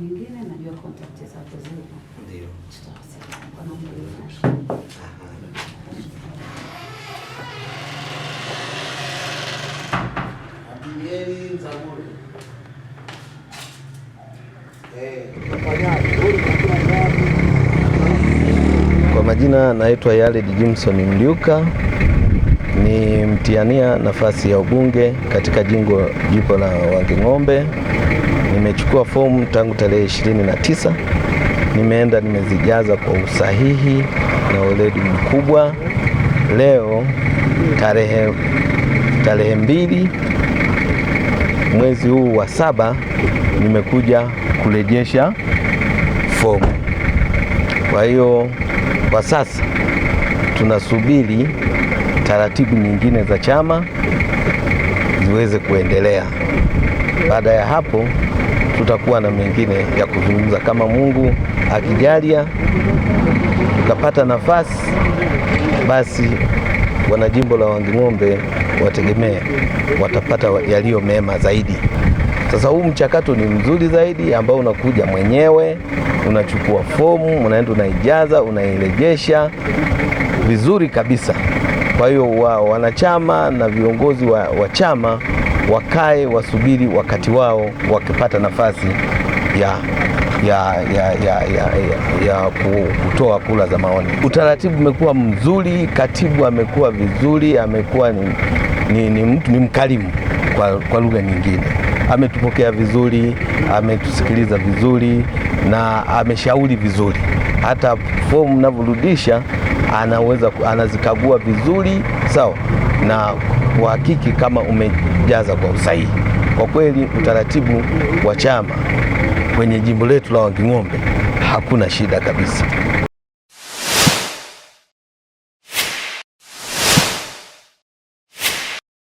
nyingine najua contact zako zipo, ndio tutawasiliana kwa namna eh, Kwa majina naitwa Yared Jimson Mliuka, ni mtiania nafasi ya ubunge katika jimbo jimbo la Wanging'ombe. Nimechukua fomu tangu tarehe ishirini na tisa nimeenda nimezijaza kwa usahihi na weledi mkubwa. Leo tarehe tarehe mbili mwezi huu wa saba nimekuja kurejesha fomu. Kwa hiyo kwa sasa tunasubiri taratibu nyingine za chama ziweze kuendelea. Baada ya hapo tutakuwa na mengine ya kuzungumza kama Mungu akijalia tukapata nafasi, basi wanajimbo la Wanging'ombe wategemee watapata yaliyo mema zaidi. Sasa huu mchakato ni mzuri zaidi ambao unakuja mwenyewe, unachukua fomu, unaenda unaijaza, unairejesha vizuri kabisa. Kwa hiyo wa, wanachama na viongozi wa, wa chama wakae wasubiri wakati wao, wakipata nafasi ya, ya, ya, ya, ya, ya, ya kutoa kura za maoni. Utaratibu umekuwa mzuri, katibu amekuwa vizuri, amekuwa ni, ni, ni, mtu, ni mkarimu kwa, kwa lugha nyingine, ametupokea vizuri, ametusikiliza vizuri na ameshauri vizuri. Hata fomu mnavyorudisha anaweza anazikagua vizuri sawa na kuhakiki kama umejaza kwa usahihi. Kwa kweli utaratibu wa chama kwenye jimbo letu la Wanging'ombe hakuna shida kabisa.